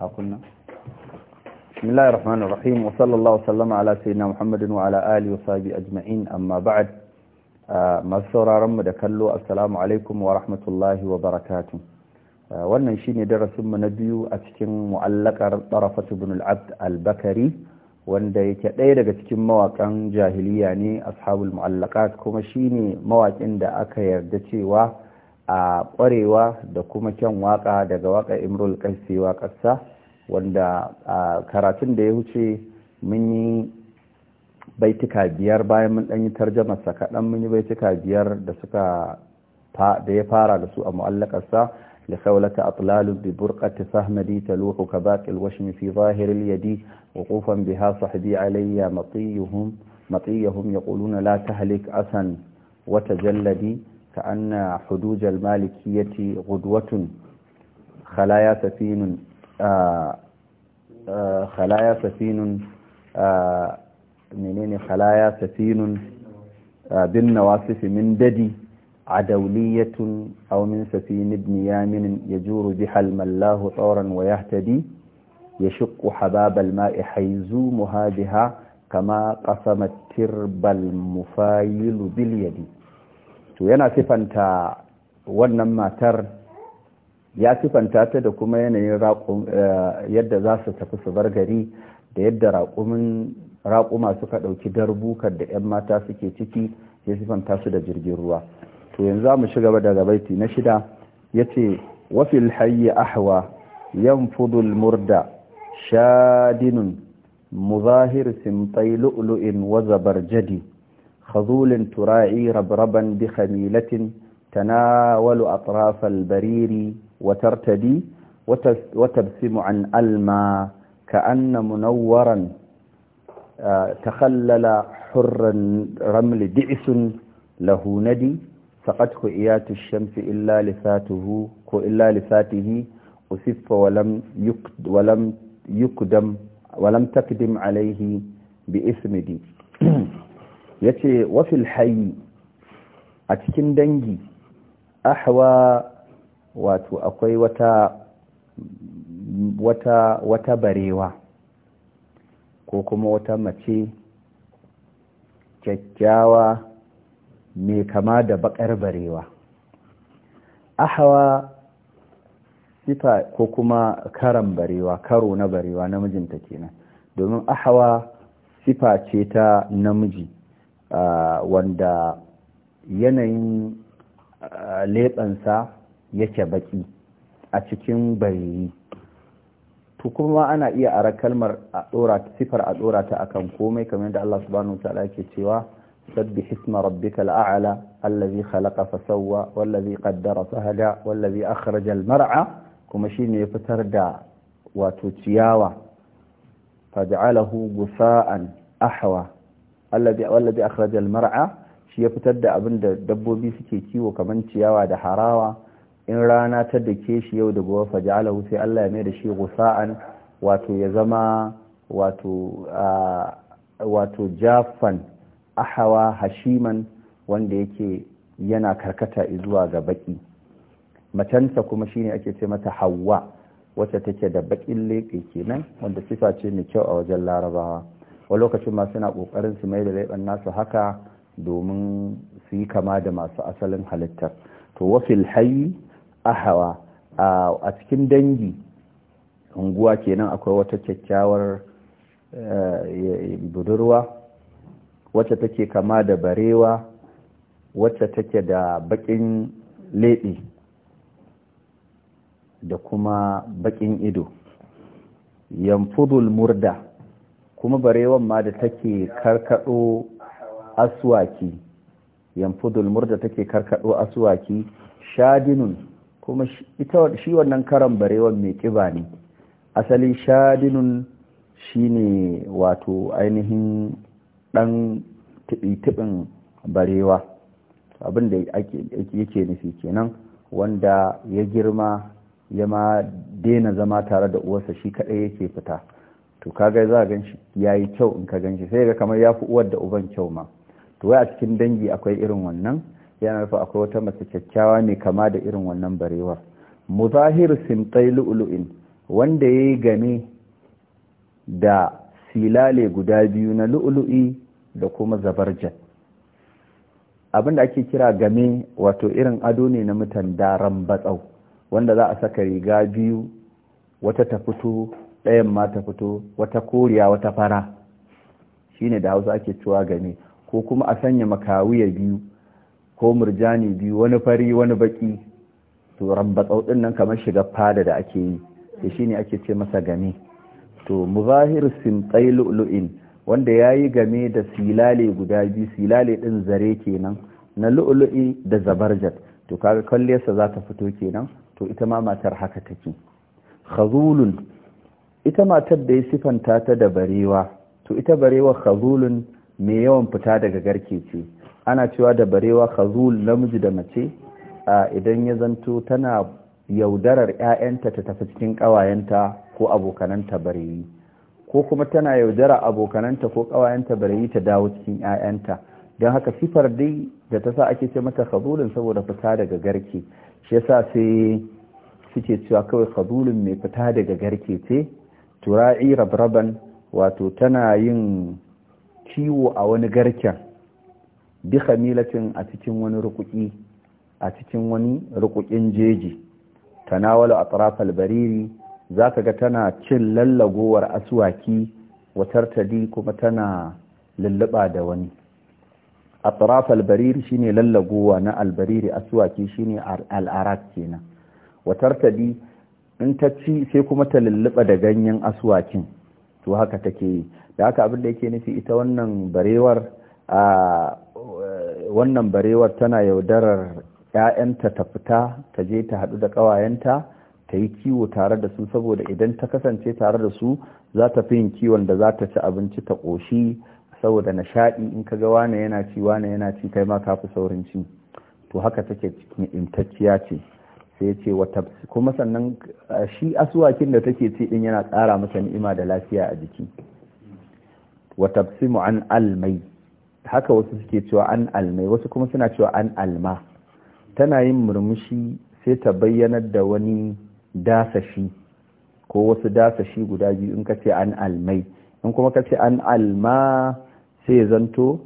أقولنا بسم الله الرحمن الرحيم وصلى الله وسلم على سيدنا محمد وعلى آله وصحبه أجمعين أما بعد masu mu da kallo assalamu alaikum wa rahmatullahi wa barakatu ah, wannan shine darasin mu na biyu a cikin mu'allakar tarafat ibn al-abd al-bakari wanda yake ɗaya daga cikin mawakan jahiliya ne ashabul mu'allakat kuma shine mawakin da aka yarda cewa a kwarewa da kuma kyan waƙa daga waka imrul kaisi waƙarsa wanda a karatun da ya wuce mun yi baituka biyar bayan mun ɗanyi tarjamarsa kaɗan mun yi baituka biyar da suka da ya fara da su a mu'allakarsa لخولة أطلال ببرقة فهمدي تلوح كباك الوشم في ظاهر اليد وقوفا بها صحبي علي مطيهم مطيهم يقولون لا تهلك Wata, Jalladi. كأن حدود المالكية غدوة خلايا سفين آه، آه، خلايا سفين آه، منين خلايا سفين بالنواصف من ددي عدولية أو من سفين ابن يامن يجور بها الملاه طورا ويهتدي يشق حباب الماء حيزومها بها كما قسم الترب المفايل باليد to yana sifanta wannan matar ya sifanta ta da kuma yanayin eh, yadda za su tafi su bar gari da yadda raƙumin raƙuma suka ɗauki darbukar da 'yan mata suke ciki ya sifanta su da jirgin ruwa to yanzu za mu gaba daga baiti na shida ya ce wafil hayi ahwa yan fudul murda shadinun muzahir simtai lu'lu'in wazabar jadi. خذول تراعي ربربا بخميلة تناول أطراف البرير وترتدي وتبسم عن ألما كأن منورا آه، تخلل حر رمل دعس له ندي فقد خئيات الشمس إلا لفاته إلا لفاته أسف ولم ولم يقدم ولم تقدم عليه بإثم دي ya ce wafil hayi a cikin dangi ahwa wato akwai wata wata wata barewa ko kuma wata mace kyakkyawa mai kama da bakar barewa ahawa sifa ko kuma karan barewa karo na barewa namijinta kenan domin ahawa sifa ce ta namiji wanda yanayin leɓensa yake baƙi a cikin bayi to kuma ana iya ara kalmar a ɗora sifar a ɗora ta akan komai kamar yadda Allah subhanahu wa ta'ala yake cewa sabbi hisma rabbika al'a'la allazi khalaqa fa sawwa wallazi qaddara fa hada wallazi akhraja al-mar'a kuma shine ya fitar da wato ciyawa faj'alahu gusa'an ahwa wallazi akhrajal mar'a shi ya fitar da abin da dabbobi suke kiwo kaman ciyawa da harawa in rana ta dake shi yau da gobe faj'alahu sai Allah ya mai da shi gusa'an wato ya zama wato wato jafan ahawa hashiman wanda yake yana karkata zuwa ga baki macansa kuma shine ake ce mata hawa wacce take da bakin leƙe kenan wanda sifa ce mai kyau a wajen larabawa wa lokacin ma suna kokarin su mai da laifin nasu haka domin su yi kama da masu asalin halittar to wafil hayi ahawa a cikin dangi unguwa kenan akwai wata kyakkyawar eh, budurwa wacce take kama da barewa wacce take da bakin leɓe da kuma bakin ido yamfudul murda kuma barewan ma da take karkado aswaki yanfudul murda take karkado aswaki shadinun kuma ita shi wannan karan barewan mai kiba ne asali shadinun shine wato ainihin dan tibi-tibin barewa abin da yake nufi kenan wanda ya girma ya ma daina zama tare da uwarsa shi kaɗai yake fita to kaga za a gan shi Ya yi kyau in ka gan shi sai ga kamar ya fi uwar da uban kyau ma to wai a cikin dangi akwai irin wannan yana nufa akwai wata mace kyakkyawa ne kama da irin wannan barewa. muzahir simtai lu'ulu'in wanda ya yi game da silale guda biyu na lu'ulu'i da kuma zabarjan da ake kira game wato irin ado ne na mutan daren batsau wanda za a saka riga biyu wata ta fito ɗayan ma ta fito wata koriya wata fara shine da hausa ake cewa game ko kuma a sanya makawiya biyu ko murjani biyu wani fari wani baki to rambatsau din nan kamar shiga fada da ake yi da shine ake ce masa game to muzahir simtsai lu'lu'in wanda ya yi game da silale guda biyu silale ɗin zare kenan na lu'lu'i da zabarjat to kaga kwalliyarsa za ta fito kenan to ita ma matar haka take khazulun ita matar da ya sifanta ta da barewa to ita barewa khazulun mai yawan fita daga garke ce ana cewa da barewa khazul namiji da mace idan ya zanto tana yaudarar 'ya'yanta ta tafi cikin ƙawayenta ko abokananta barewi ko kuma tana yaudara abokananta ko ƙawayenta barewi ta dawo cikin 'ya'yanta don haka sifar dai da ta sa ake ce mata khazulun saboda fita daga garke shi yasa sai suke cewa kawai khazulun mai fita daga garke ce tura'i rabraban wato tana yin ciwo a wani garken bi khamilatin a cikin wani rukuki a cikin wani rukukin jeji tanawala atraf bariri zaka ga tana cin lallagowar aswaki watar kuma tana lulluba da wani atraf bariri shine lallagowa na albariri aswaki shine al'arat kenan watar in ta ci sai kuma ta lulluɓa da ganyen aswakin to haka take yi da haka abin da yake nufi ita wannan barewar a wannan barewar tana yaudarar 'ya'yanta ta fita ta je ta haɗu da ƙawayenta ta yi kiwo tare da su saboda idan ta kasance tare da su za ta fi yin kiwon da za ta ci abinci ta ƙoshi saboda nishaɗi in ka ga wane yana ci wane yana ci kai ma ka fi saurin ci to haka take imtacciya ce sai ce wata kuma sannan shi asuwakin da take ci din yana ƙara masa ni'ima da lafiya a jiki wata simu an almai haka wasu suke cewa an almai wasu kuma suna cewa an alma tana yin murmushi sai ta bayyanar da wani dasashi ko wasu dasashi guda biyu in ka ce an almai in kuma ka ce an alma sai zanto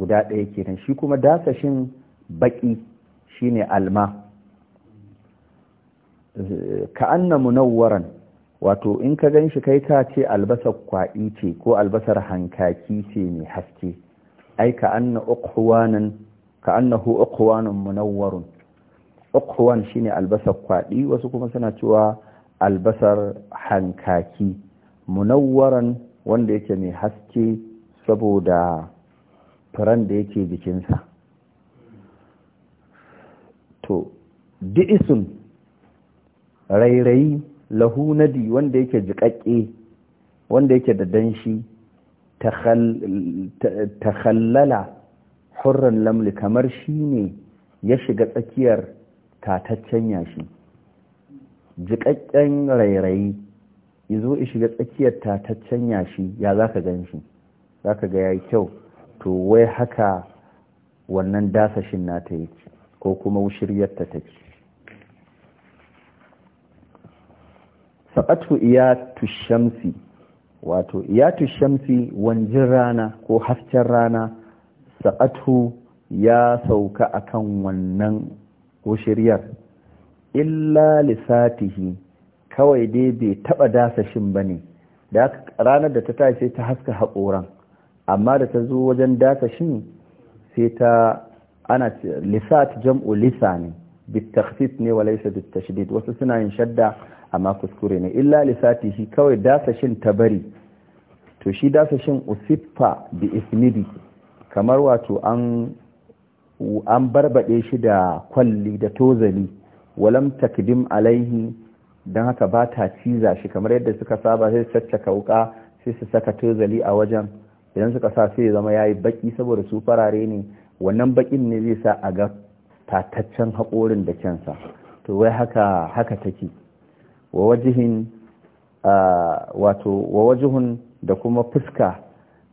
guda ɗaya kenan shi kuma dasashin baƙi shine alma ka'anna munawwaran wato in ka gan shi kai ka ce albasar kwaɗi ce ko albasar hankaki ce mai haske ai ka'anna anna munawwarun shine albasar kwaɗi wasu kuma suna cewa albasar hankaki munawwaran wanda yake mai haske saboda furen da yake jikinsa to di'isun rairayi lahu nadi wanda yake jiƙaƙe, wanda yake da danshi ta khallala hurran lamli kamar shi ne ya shiga tsakiyar tataccen yashi jiƙaƙƙen rairayi izo shiga tsakiyar tataccen yashi ya za ka gan shi za ka ga ya kyau to wai haka wannan dasashin ta yake ko kuma wushiryarta take saɓatu iyatu shamsi wato iyatu shamsi wanjin rana ko hasken rana saɓatu ya sauka akan wannan ƙoshiriyar illa lisatihi kawai dai bai taɓa dasa shin ba ne da ranar da ta tashi ta haska haƙoran amma da ta zo wajen dasa shin sai ta ana lisat jam'u lisa ne bit ne wa bit wasu suna yin shadda amma kuskure ne illa lisati shi kawai dasashin bari to shi dasashin usiffa bi isnidi kamar wato an an barbade shi da kwalli da tozali walam takdim alaihi dan haka ba ta ciza shi kamar yadda suka saba sai caccaka wuka sai su saka tozali a wajen idan suka sa sai zama yayi baki saboda su farare ne wannan bakin ne zai sa a ga tataccen haƙorin da kyansa to wai haka haka take wa wajihin wajihun da kuma fuska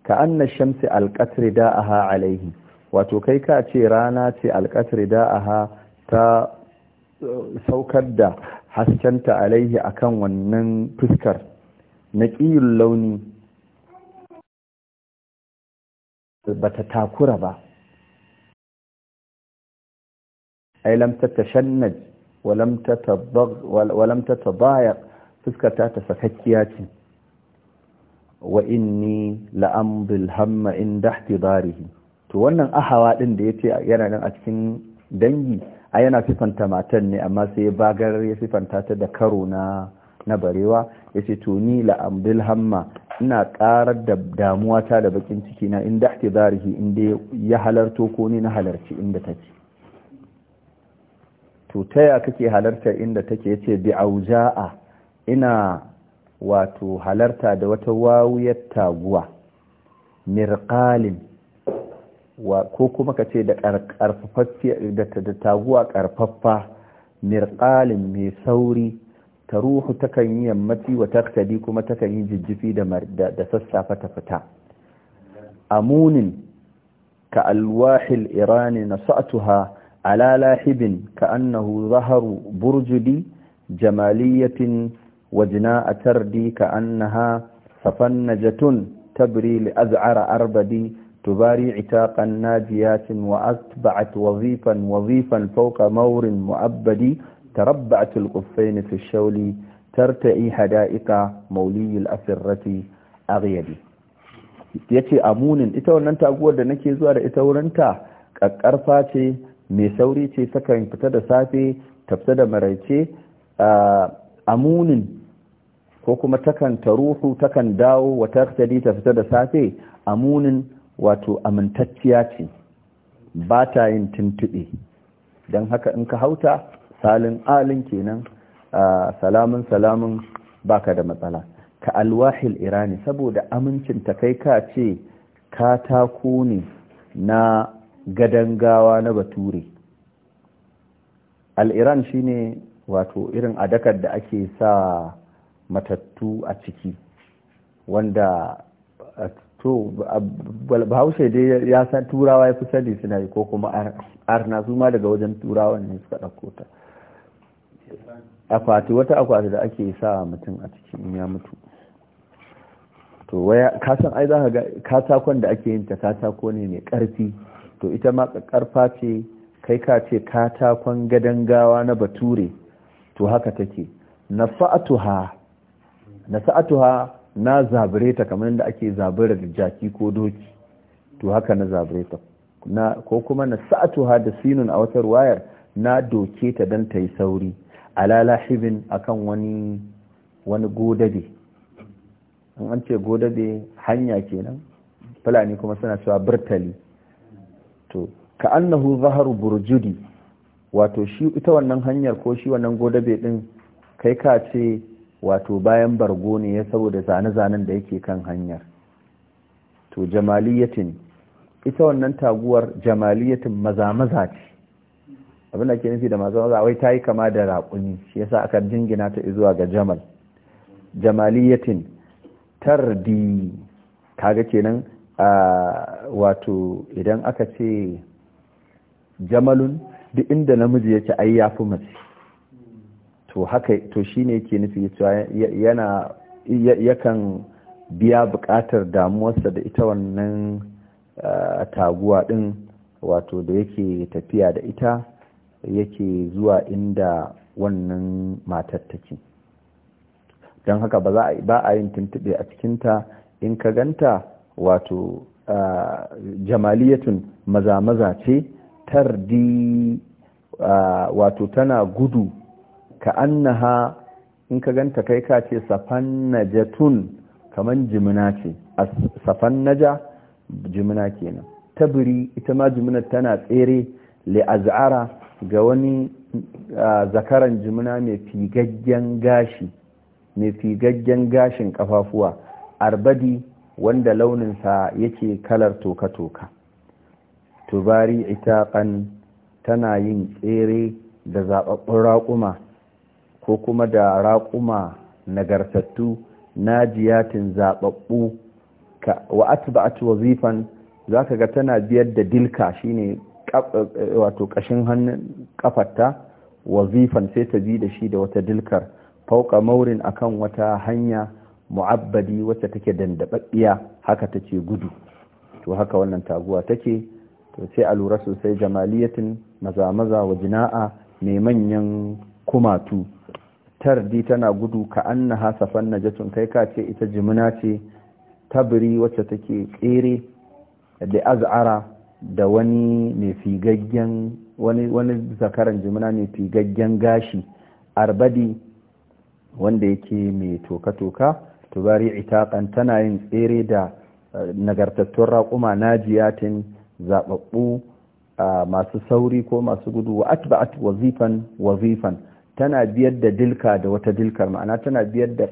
ka anna shamsi alqatri da'aha alaihi wato kai ka ce rana ce alqatri da'aha ta uh, saukar da haskenta alaihi akan wannan fuskar Na naqiyul launi bata takura ba ai lam tatashannaj walam ta tabayak fuskata ta sakakkiya ce wa inni la'amdul hamma inda ihtidarihi to wannan ahawa din da yace yana nan a cikin dangi a yana sifanta matan ne amma sai bagar ya sifanta ta da karo na na barewa yace to ni la'amdul hamma ina karar da damuwa ta da bakin ciki na inda ihtidarihi inda ya halarto ko ni na halarci inda take to taya kake halarta inda take yace bi auja'a ina wato halarta da wata wawuyar taguwa mirqalin wa ko kuma kace da da taguwa karfaffa mirqalin mai sauri ta ruhu takan yi yammaci wa taktadi kuma takan yi jijjifi da sassafa ta fita amunin ka alwahil irani na على لاحب كأنه ظهر دي جمالية وجناء تردي كأنها صفنجة تبري لأذعر أربدي تباري عتاقا ناجيات وأتبعت وظيفا وظيفا فوق مور مؤبدي تربعت القفين في الشول ترتئي حدائق مولي الأسرة أغيدي يتي أمون ita wannan taguwar da nake zuwa da ita mai sauri ce sakan fita da safe tafsa da maraice amunin ko kuma takan taruhu takan dawo wa tartadi ta fita da safe amunin wato amintacciya ce ba ta yin tuntuɓe don haka in ka hauta salin alin kenan salamun salamun baka da matsala ka alwahil irani saboda amincin ta kai ka ce katako ne na Gadangawa gawa na bature al'iran shine wato irin adakar da ake sa matattu a ciki wanda to bahaushe dai ya san turawa ya fi sani suna yi ko kuma arna su ma daga wajen turawan ne suka ɗauko ta akwati wata akwati da ake sa mutum a ciki in ya mutu to waya kasan ai za ka ga katakon da ake yin ta katako ne mai ƙarfi to ita ma ƙarfa ce kai ka ce katakon gadon gawa na bature to haka take na sa'atuha na zabire ta kamar yadda ake zabirar jaki ko doki to haka na zabire ta ko kuma na sa'atuha da sinun a watar wayar na doke ta don ta yi sauri alala shibin a kan wani godade an ce godade hanya kenan fulani kuma suna cewa birtali to ka annahu zaharu burjudi wato shi ita wannan hanyar ko shi wannan godabe din kai ka ce wato bayan bargo ne ya saboda zane-zanen da yake kan hanyar to jamaliyatin ita wannan taguwar jamaliyatin maza-maza ce abin da ke nufi da maza-maza wai ta yi kama da raƙuni shi yasa aka jingina ta zuwa ga jamal jamaliyatin tardi kaga kenan wato idan aka ce jamalun duk inda namiji yake ai fi mace to haka to shine yake nufi yana yakan biya buƙatar damuwarsa da ita wannan taguwa din, wato da yake tafiya da ita yake zuwa inda wannan matar take don haka ba a yin tuntube a cikinta in ka ganta wato jamaliyatun maza-maza ce tardi wato tana gudu ka annaha in ka ganta kai ka ce safan safannajatun kaman jimina ce A safan safannaja jimina kenan tabiri ita ma jimina tana tsere li'az'ara ga wani zakaran jimina mai figaggen gashi mai figaggen gashin kafafuwa arbadi wanda launinsa yake kalar toka-toka tubari itaƙan tana yin tsere da zaɓaɓɓun raƙuma ko kuma da raƙuma nagartattu jiyatin zaɓaɓɓu wa atba'at wazifan ka ga tana biyar da dilka shine wato ƙashin hannun ƙafarta wazifan sai ta bi da shi da wata dilkar fauka maurin akan wata hanya mu'abbadi wacce take dandaɓaɓɓiya haka take gudu to haka wannan taguwa take to sai a lura sosai jamaliyatin maza-maza wa jina'a mai manyan kumatu tardi tana gudu ka annaha safan najatun kai ka ce ita jimina ce tabiri wacce take tsere da az'ara da wani figaggen wani wani zakaran jimina mai figaggen gashi arbadi wanda yake mai toka-toka tubari itaqan tana yin tsere da eh, nagartattun raƙuma na jiyatin zaɓaɓɓu masu sauri ko masu gudu wa atba'at wazifan wazifan tana biyar da dilka da wata dilkar ma'ana tana biyar da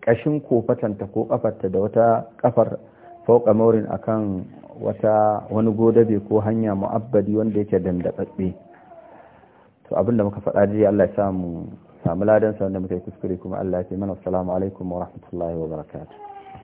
ƙashin kofatanta ko ƙafarta da wata ƙafar fauka maurin kan wata wani godabe ko hanya mu'abbadi wanda yake dandatsatsi to abinda muka faɗa dai Allah ya samu samu ladan sa wanda muka yi kuskure kuma Allah ya ce mana assalamu alaikum wa rahmatullahi wa barakatuh